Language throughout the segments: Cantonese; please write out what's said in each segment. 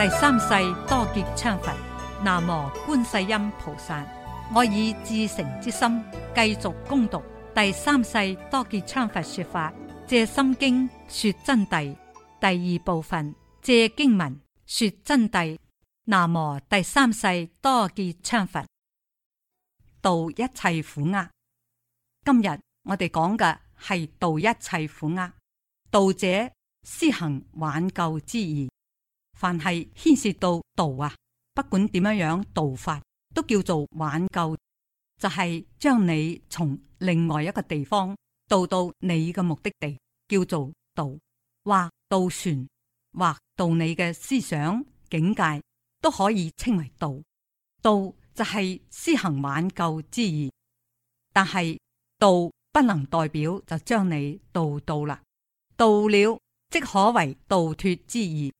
第三世多杰羌佛，南無觀世音菩薩。我以至誠之心繼續攻讀第三世多杰羌佛說法，借心經說真諦第二部分，借經文說真諦。南無第三世多杰羌佛，度一切苦厄。今日我哋講嘅係度一切苦厄，度者施行挽救之意。凡係牽涉到渡啊，不管點樣樣渡法，都叫做挽救，就係、是、將你從另外一個地方渡到你嘅目的地，叫做渡，或渡船，或渡你嘅思想境界，都可以稱為渡。渡就係施行挽救之意，但係渡不能代表就將你渡到啦，渡了即可為渡脫之意。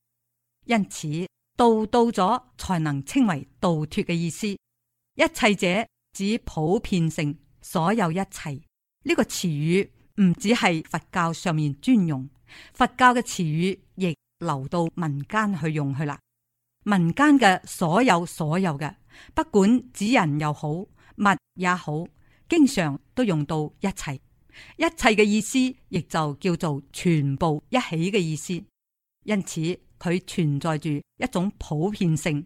因此，道到咗才能稱為道脫嘅意思。一切者指普遍性，所有一切呢個詞語唔止係佛教上面專用，佛教嘅詞語亦流到民間去用去啦。民間嘅所有所有嘅，不管指人又好，物也好，經常都用到一切。一切嘅意思亦就叫做全部一起嘅意思。因此。佢存在住一種普遍性，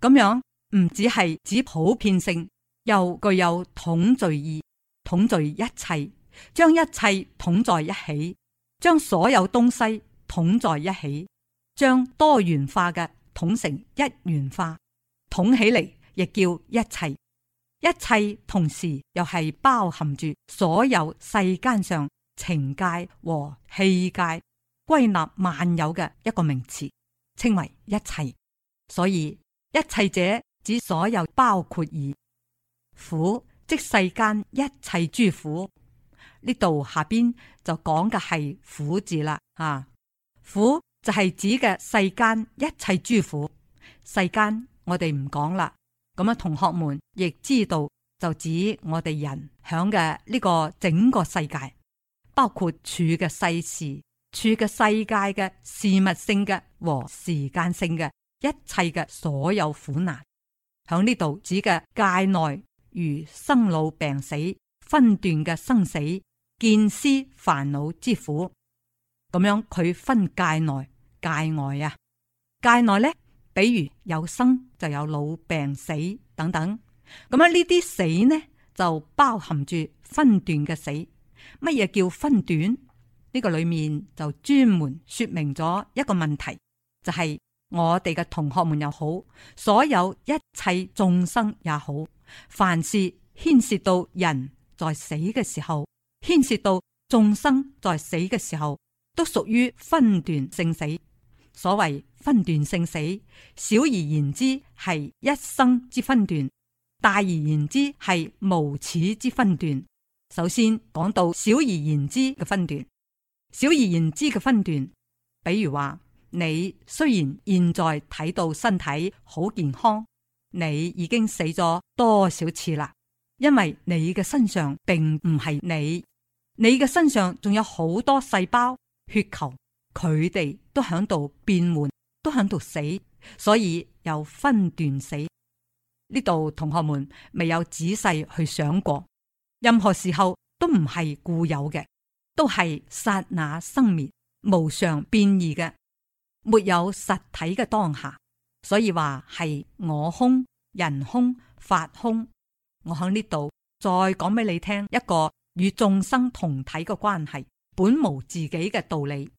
咁樣唔只係指普遍性，又具有統聚意，統聚一切，將一切統在一起，將所有東西統在一起，將多元化嘅統成一元化，統起嚟亦叫一切，一切同時又係包含住所有世間上情界和器界。歸納萬有嘅一個名詞，稱為一切。所以一切者，指所有包括而苦，即世間一切諸苦。呢度下邊就講嘅係苦字啦。啊，苦就係指嘅世間一切諸苦。世間我哋唔講啦。咁啊，同學們亦知道就指我哋人響嘅呢個整個世界，包括處嘅世事。處嘅世界嘅事物性嘅和時間性嘅一切嘅所有苦難，喺呢度指嘅界內，如生老病死、分段嘅生死、見思煩惱之苦。咁樣佢分界內界外啊，界內咧，比如有生就有老病死等等，咁樣呢啲死呢就包含住分段嘅死。乜嘢叫分段？呢個裏面就專門說明咗一個問題，就係我哋嘅同學們又好，所有一切眾生也好，凡是牽涉到人在死嘅時候，牽涉到眾生在死嘅時候，都屬於分段性死。所謂分段性死，小而言之係一生之分段，大而言之係無始之分段。首先講到小而言之嘅分段。小而言之嘅分段，比如話你雖然現在睇到身體好健康，你已經死咗多少次啦？因為你嘅身上並唔係你，你嘅身上仲有好多細胞、血球，佢哋都響度變換，都響度死，所以有分段死。呢度，同學們未有仔細去想過，任何時候都唔係固有嘅。都係剎那生滅、無常變異嘅，沒有實體嘅當下，所以話係我空、人空、法空。我喺呢度再講俾你聽一個與眾生同體嘅關係，本無自己嘅道理。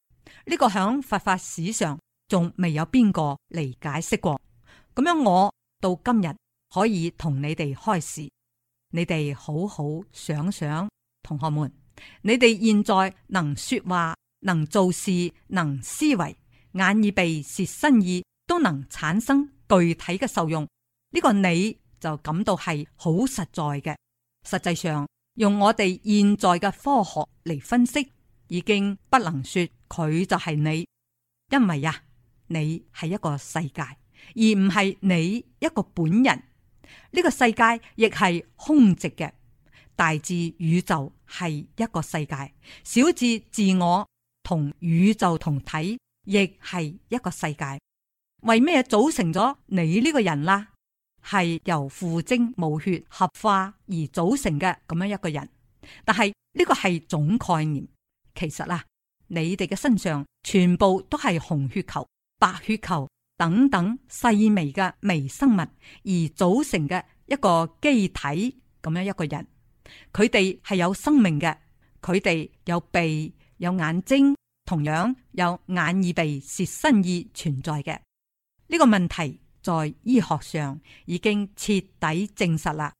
呢個響佛法史上仲未有邊個嚟解釋過。咁樣我到今日可以同你哋開示，你哋好好想想，同學們。你哋現在能說話、能做事、能思維，眼耳鼻舌身意都能產生具體嘅受用，呢個你就感到係好實在嘅。實際上，用我哋現在嘅科學嚟分析，已經不能說佢就係你，因為呀，你係一個世界，而唔係你一個本人。呢個世界亦係空寂嘅。大至宇宙係一個世界，小至自我同宇宙同體，亦係一個世界。為咩組成咗你呢個人啦？係由父精、母血和合化而組成嘅咁樣一個人。但係呢，這個係總概念，其實啊，你哋嘅身上全部都係紅血球、白血球等等細微嘅微生物而組成嘅一個機體咁樣一個人。佢哋係有生命嘅，佢哋有鼻有眼睛，同樣有眼耳鼻舌身意存在嘅。呢個問題，在醫學上已經徹底證實啦。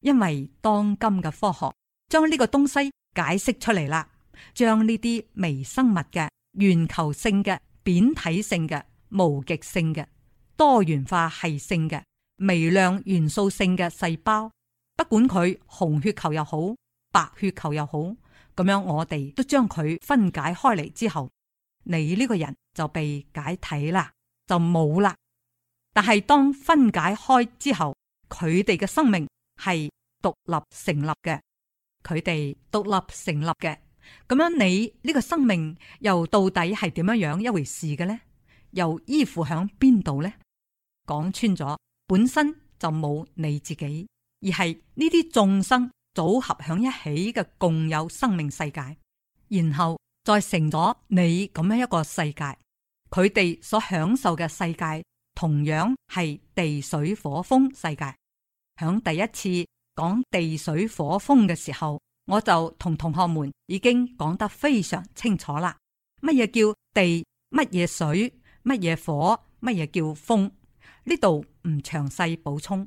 因為當今嘅科學將呢個東西解釋出嚟啦，將呢啲微生物嘅圓球性嘅扁體性嘅無極性嘅多元化係性嘅微量元素性嘅細胞。不管佢紅血球又好，白血球又好，咁樣我哋都將佢分解開嚟之後，你呢個人就被解體啦，就冇啦。但係當分解開之後，佢哋嘅生命係獨立成立嘅，佢哋獨立成立嘅。咁樣你呢個生命又到底係點樣樣一回事嘅呢？又依附響邊度呢？講穿咗，本身就冇你自己。而係呢啲眾生組合響一起嘅共有生命世界，然後再成咗你咁樣一個世界，佢哋所享受嘅世界同樣係地水火風世界。響第一次講地水火風嘅時候，我就同同學們已經講得非常清楚啦。乜嘢叫地？乜嘢水？乜嘢火？乜嘢叫風？呢度唔詳細補充。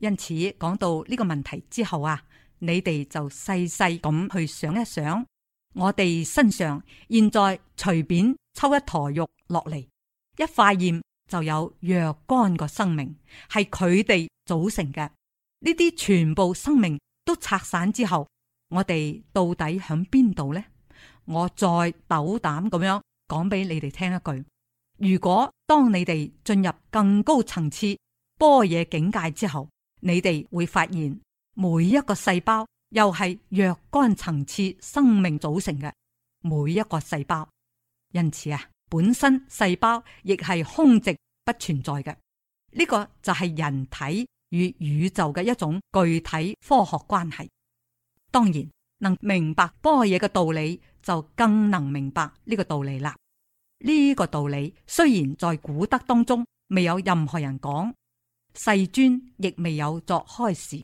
因此講到呢個問題之後啊，你哋就細細咁去想一想，我哋身上現在隨便抽一坨肉落嚟，一化驗就有若干個生命，係佢哋組成嘅。呢啲全部生命都拆散之後，我哋到底響邊度呢？我再鬥膽咁樣講俾你哋聽一句：如果當你哋進入更高層次般若境界之後。你哋會發現每一個細胞又係若干層次生命組成嘅每一個細胞，因此啊，本身細胞亦係空寂不存在嘅。呢個就係人體與宇宙嘅一種具體科學關係。當然，能明白波嘢嘅道理，就更能明白呢個道理啦。呢個道理雖然在古德當中未有任何人講。世尊亦未有作開示，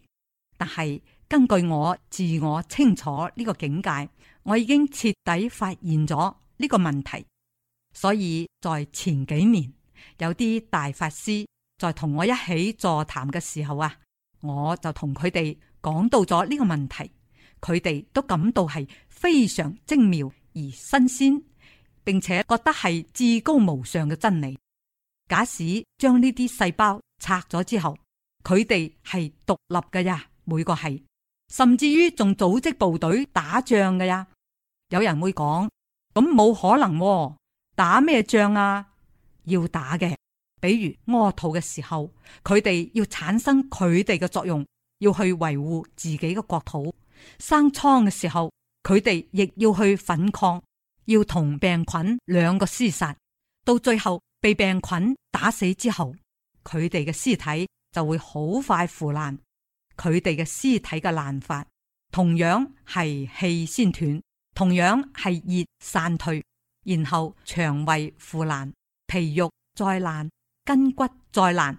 但係根據我自我清楚呢個境界，我已經徹底發現咗呢個問題。所以在前幾年，有啲大法師在同我一起座談嘅時候啊，我就同佢哋講到咗呢個問題，佢哋都感到係非常精妙而新鮮，並且覺得係至高無上嘅真理。假使將呢啲細胞，拆咗之後，佢哋係獨立嘅呀。每個係，甚至於仲組織部隊打仗嘅呀。有人會講咁冇可能，哦，打咩仗啊？要打嘅，比如屙肚嘅時候，佢哋要產生佢哋嘅作用，要去維護自己嘅國土；生瘡嘅時候，佢哋亦要去反抗，要同病菌兩個廝殺，到最後被病菌打死之後，佢哋嘅屍體就會好快腐爛，佢哋嘅屍體嘅爛法同樣係氣先斷，同樣係熱散退，然後腸胃腐爛，皮肉再爛，筋骨再爛。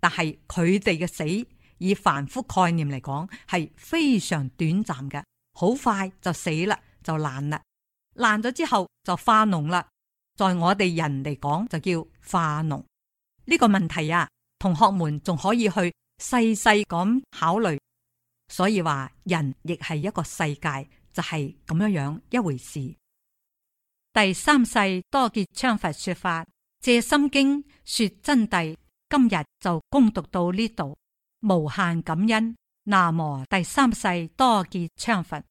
但係佢哋嘅死，以凡夫概念嚟講，係非常短暫嘅，好快就死啦，就爛啦，爛咗之後就化膿啦。在我哋人嚟講，就叫化膿。呢個問題呀、啊，同學們仲可以去細細咁考慮。所以話人亦係一個世界，就係咁樣樣一回事。第三世多杰羌佛說法，借心經說真諦。今日就恭讀到呢度，無限感恩。那麼第三世多杰羌佛。